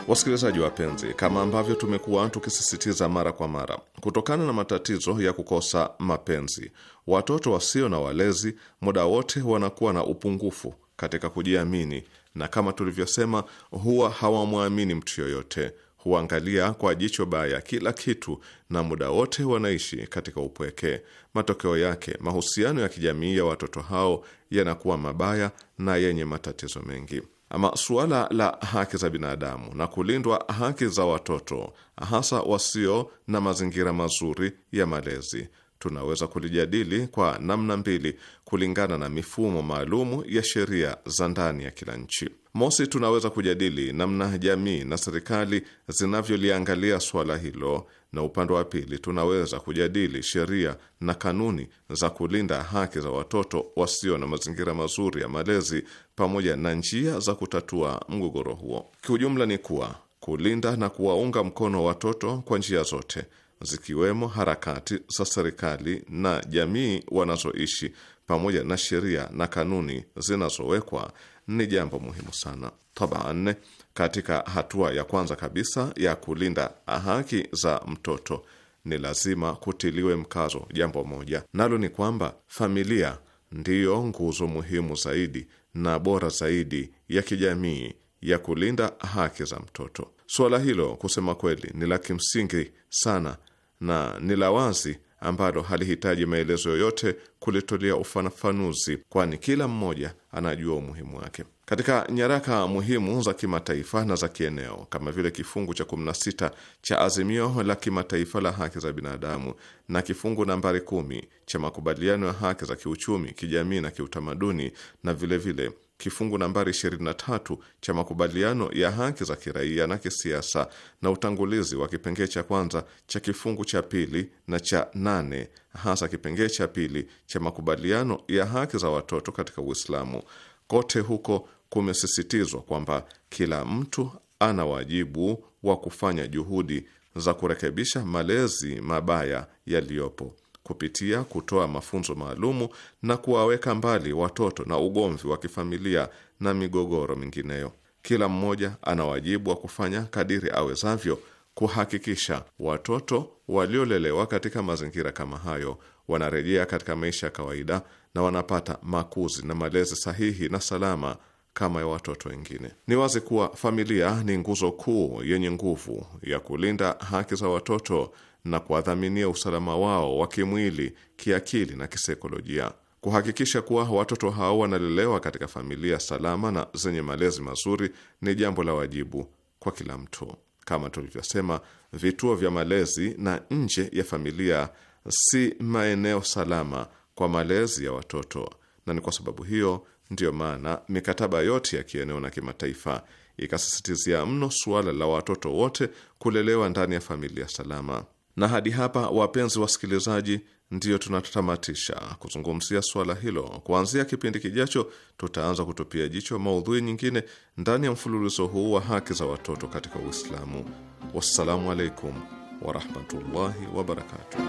Speaker 3: Wasikilizaji wapenzi, kama ambavyo tumekuwa tukisisitiza mara kwa mara, kutokana na matatizo ya kukosa mapenzi, watoto wasio na walezi muda wote wanakuwa na upungufu katika kujiamini, na kama tulivyosema, huwa hawamwamini mtu yoyote huangalia kwa jicho baya kila kitu na muda wote wanaishi katika upweke. Matokeo yake, mahusiano ya kijamii ya watoto hao yanakuwa mabaya na yenye matatizo mengi. Ama suala la haki za binadamu na kulindwa haki za watoto, hasa wasio na mazingira mazuri ya malezi tunaweza kulijadili kwa namna mbili kulingana na mifumo maalumu ya sheria za ndani ya kila nchi. Mosi, tunaweza kujadili namna jamii na serikali zinavyoliangalia suala hilo, na upande wa pili tunaweza kujadili sheria na kanuni za kulinda haki za watoto wasio na mazingira mazuri ya malezi pamoja na njia za kutatua mgogoro huo. Kiujumla ni kuwa kulinda na kuwaunga mkono watoto kwa njia zote zikiwemo harakati za serikali na jamii wanazoishi pamoja na sheria na kanuni zinazowekwa ni jambo muhimu sana. Taban, katika hatua ya kwanza kabisa ya kulinda haki za mtoto ni lazima kutiliwe mkazo jambo moja, nalo ni kwamba familia ndiyo nguzo muhimu zaidi na bora zaidi ya kijamii ya kulinda haki za mtoto. Suala hilo kusema kweli ni la kimsingi sana na ni la wazi ambalo halihitaji maelezo yoyote kulitolea ufafanuzi, kwani kila mmoja anajua umuhimu wake. Katika nyaraka muhimu za kimataifa na za kieneo kama vile kifungu cha 16 cha azimio la kimataifa la haki za binadamu na kifungu nambari kumi cha makubaliano ya haki za kiuchumi, kijamii na kiutamaduni na vilevile vile kifungu nambari 23 cha makubaliano ya haki za kiraia na kisiasa na utangulizi wa kipengee cha kwanza cha kifungu cha pili na cha nane hasa kipengee cha pili cha makubaliano ya haki za watoto katika Uislamu. Kote huko kumesisitizwa kwamba kila mtu ana wajibu wa kufanya juhudi za kurekebisha malezi mabaya yaliyopo kupitia kutoa mafunzo maalumu na kuwaweka mbali watoto na ugomvi wa kifamilia na migogoro mingineyo. Kila mmoja ana wajibu wa kufanya kadiri awezavyo kuhakikisha watoto waliolelewa katika mazingira kama hayo wanarejea katika maisha ya kawaida na wanapata makuzi na malezi sahihi na salama kama ya watoto wengine. Ni wazi kuwa familia ni nguzo kuu yenye nguvu ya kulinda haki za watoto na kuwadhaminia usalama wao wa kimwili, kiakili na kisaikolojia, kuhakikisha kuwa watoto hao wanalelewa katika familia salama na zenye malezi mazuri ni jambo la wajibu kwa kila mtu. Kama tulivyosema, vituo vya malezi na nje ya familia si maeneo salama kwa malezi ya watoto, na ni kwa sababu hiyo ndiyo maana mikataba yote ya kieneo na kimataifa ikasisitizia mno suala la watoto wote kulelewa ndani ya familia salama. Na hadi hapa, wapenzi wasikilizaji, ndiyo tunatamatisha kuzungumzia suala hilo. Kuanzia kipindi kijacho, tutaanza kutupia jicho maudhui nyingine ndani ya mfululizo huu wa haki za watoto katika Uislamu. Wassalamu alaikum warahmatullahi wabarakatuh.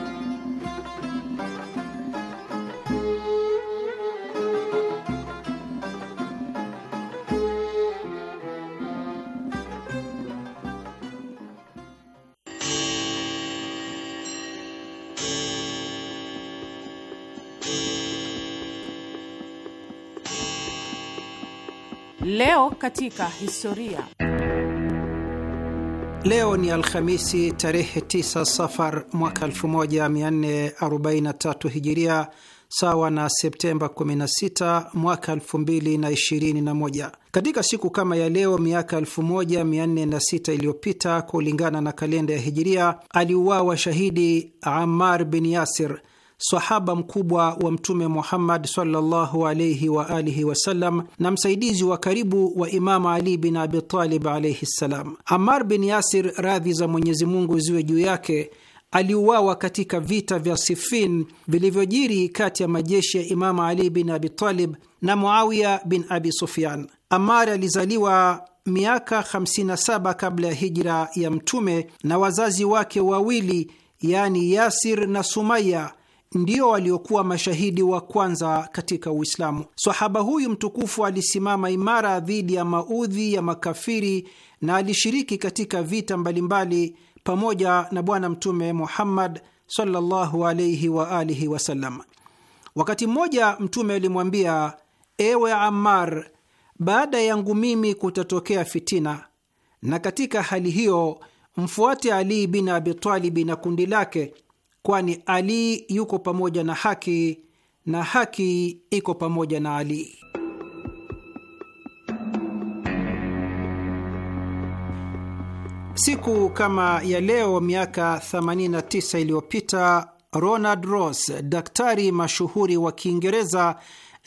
Speaker 2: Leo katika historia.
Speaker 4: Leo ni Alhamisi tarehe 9 Safar mwaka 1443 Hijiria, sawa na Septemba 16 mwaka 2021. Katika siku kama ya leo miaka 1406 iliyopita kulingana na kalenda ya Hijiria, aliuawa shahidi Ammar bin Yasir sahaba mkubwa wa Mtume Muhammad sallallahu alayhi wa alihi wasallam na msaidizi wa karibu wa Imamu Ali bin Abi Talib alayhi ssalam. Amar bin Yasir, radhi za Mwenyezi Mungu ziwe juu yake, aliuawa katika vita vya Sifin vilivyojiri kati ya majeshi ya Imamu Ali bin Abi Talib na Muawiya bin Abi Sufyan. amar alizaliwa miaka 57 kabla ya hijra ya Mtume na wazazi wake wawili, yani Yasir na Sumaya ndio waliokuwa mashahidi wa kwanza katika Uislamu. Sahaba huyu mtukufu alisimama imara dhidi ya maudhi ya makafiri na alishiriki katika vita mbalimbali pamoja na Bwana Mtume Muhammad sallallahu alaihi wa alihi wasallam. Wakati mmoja Mtume alimwambia, ewe Ammar, baada yangu mimi kutatokea fitina, na katika hali hiyo mfuate Ali bin Abitalibi na kundi lake kwani Ali yuko pamoja na haki na haki iko pamoja na Ali. Siku kama ya leo miaka 89 iliyopita Ronald Ross, daktari mashuhuri wa Kiingereza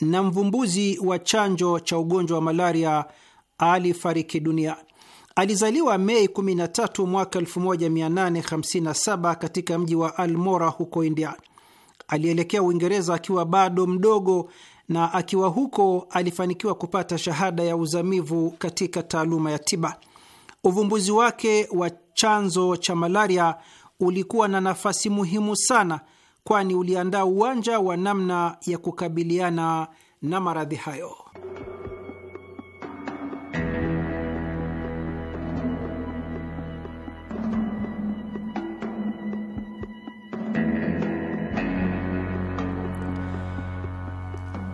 Speaker 4: na mvumbuzi wa chanjo cha ugonjwa wa malaria, alifariki dunia. Alizaliwa Mei 13 mwaka 1857 katika mji wa Almora huko India. Alielekea Uingereza akiwa bado mdogo na akiwa huko alifanikiwa kupata shahada ya uzamivu katika taaluma ya tiba. Uvumbuzi wake wa chanzo cha malaria ulikuwa na nafasi muhimu sana, kwani uliandaa uwanja wa namna ya kukabiliana na maradhi hayo.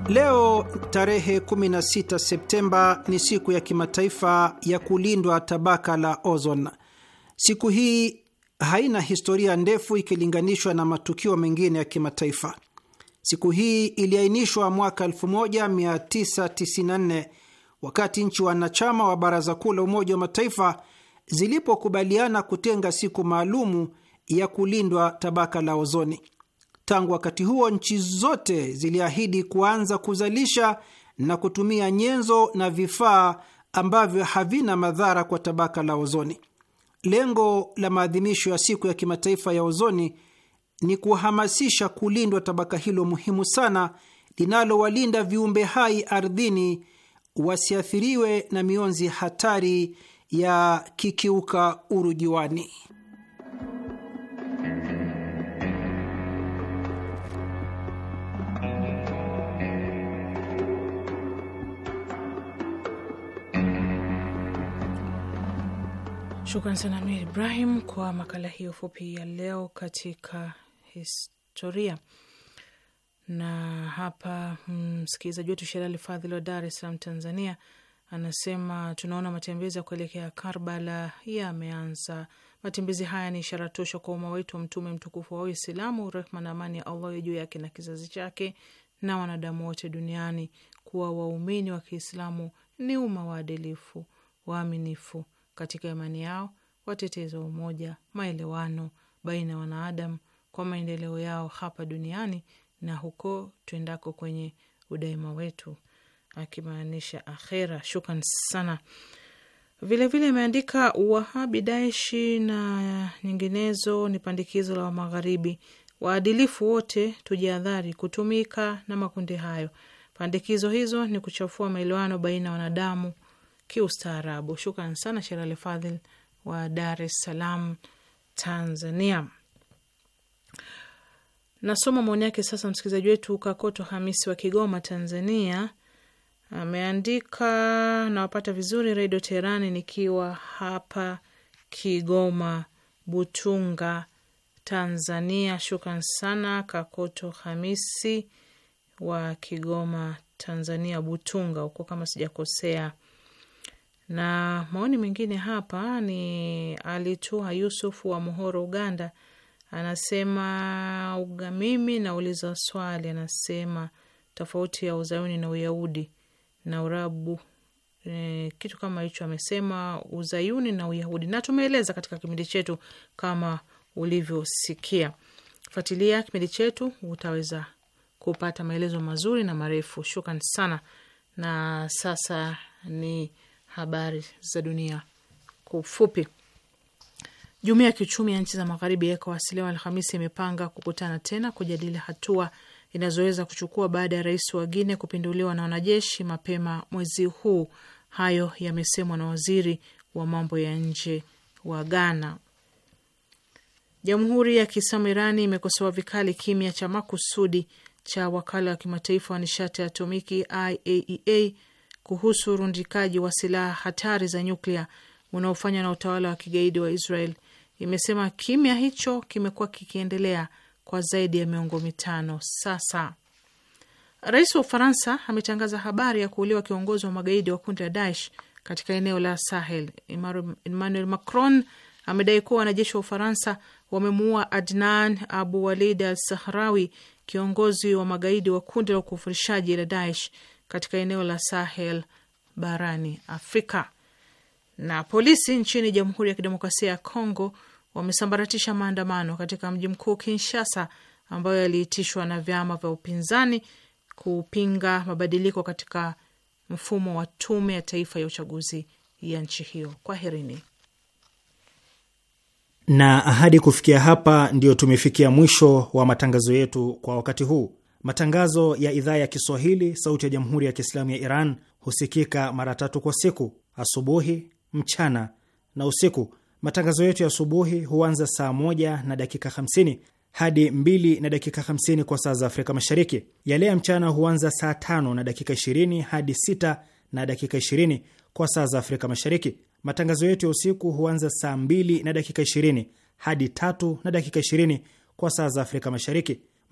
Speaker 4: Leo tarehe 16 Septemba ni siku ya kimataifa ya kulindwa tabaka la ozon. Siku hii haina historia ndefu ikilinganishwa na matukio mengine ya kimataifa. Siku hii iliainishwa mwaka 1994 wakati nchi wanachama wa Baraza Kuu la Umoja wa Mataifa zilipokubaliana kutenga siku maalumu ya kulindwa tabaka la ozoni. Tangu wakati huo nchi zote ziliahidi kuanza kuzalisha na kutumia nyenzo na vifaa ambavyo havina madhara kwa tabaka la ozoni. Lengo la maadhimisho ya siku ya kimataifa ya ozoni ni kuhamasisha kulindwa tabaka hilo muhimu sana linalowalinda viumbe hai ardhini wasiathiriwe na mionzi hatari ya kikiuka urujiwani.
Speaker 2: Shukran sana Amir Ibrahim kwa makala hiyo fupi ya leo katika historia. Na hapa mm, msikilizaji wetu Sherali Fadhili wa Dar es Salaam, Tanzania, anasema tunaona matembezi ya kuelekea Karbala yameanza. Matembezi haya ni ishara tosha kwa umma wetu wa Mtume mtukufu wa Uislamu, rehma na amani ya Allah juu yake na kizazi chake na wanadamu wote duniani, kuwa waumini wa Kiislamu ni umma waadilifu, waaminifu katika imani yao watetezi wa umoja, maelewano baina ya wanaadamu kwa maendeleo yao hapa duniani na huko tuendako kwenye udaima wetu, akimaanisha akhera. Shukran sana. Vilevile imeandika vile Wahabi, Daeshi na nyinginezo ni pandikizo la Wamagharibi. Waadilifu wote tujiadhari kutumika na makundi hayo. Pandikizo hizo ni kuchafua maelewano baina ya wanadamu kiustaarabu. Shukran sana Sherali Fadhil wa Dar es Salaam, Tanzania. Nasoma maoni yake sasa. Msikilizaji wetu Kakoto Hamisi wa Kigoma, Tanzania ameandika nawapata vizuri Redio Teherani nikiwa hapa Kigoma, Butunga, Tanzania. Shukran sana Kakoto Hamisi wa Kigoma, Tanzania, Butunga huko, kama sijakosea. Na maoni mengine hapa ni Alituha yusuf wa Mohoro, Uganda, anasema uga, mimi nauliza swali, anasema tofauti ya uzayuni na uyahudi na urabu e, kitu kama hicho. Amesema uzayuni na uyahudi, na tumeeleza katika kipindi chetu kama ulivyosikia. Fuatilia kipindi chetu utaweza kupata maelezo mazuri na marefu. Shukran sana. Na sasa ni habari za dunia kwa ufupi. Jumuiya ya kiuchumi ya nchi za magharibi ECOWAS leo Alhamisi imepanga kukutana tena kujadili hatua inazoweza kuchukua baada ya rais wa Guinea kupinduliwa na wanajeshi mapema mwezi huu. Hayo yamesemwa na waziri wa mambo ya nje wa Ghana. Jamhuri ya Kiislamu Irani imekosoa vikali kimya cha makusudi cha wakala wa kimataifa wa nishati ya atomiki IAEA e kuhusu urundikaji wa silaha hatari za nyuklia unaofanywa na utawala wa kigaidi wa Israel imesema kimya hicho kimekuwa kikiendelea kwa zaidi ya miongo mitano sasa. Rais wa Ufaransa ametangaza habari ya kuuliwa kiongozi wa magaidi wa kundi la Daesh katika eneo la Sahel. Emmanuel Macron amedai kuwa wanajeshi wa Ufaransa wamemuua Adnan Abu Walid al Sahrawi, kiongozi wa magaidi wa kundi la ukufurishaji la Daesh katika eneo la Sahel barani Afrika. Na polisi nchini Jamhuri ya Kidemokrasia ya Kongo wamesambaratisha maandamano katika mji mkuu Kinshasa ambayo yaliitishwa na vyama vya upinzani kupinga mabadiliko katika mfumo wa tume ya taifa ya uchaguzi ya nchi hiyo. Kwaherini
Speaker 1: na ahadi. Kufikia hapa, ndiyo tumefikia mwisho wa matangazo yetu kwa wakati huu. Matangazo ya idhaa ya Kiswahili sauti ya jamhuri ya Kiislamu ya Iran husikika mara tatu kwa siku: asubuhi, mchana na usiku. Matangazo yetu ya asubuhi huanza saa moja na dakika hamsini hadi mbili na dakika hamsini kwa saa za Afrika Mashariki. Yale ya mchana huanza saa tano na dakika ishirini hadi sita na dakika ishirini kwa saa za Afrika Mashariki. Matangazo yetu ya usiku huanza saa mbili na dakika ishirini hadi tatu na dakika ishirini kwa saa za Afrika Mashariki.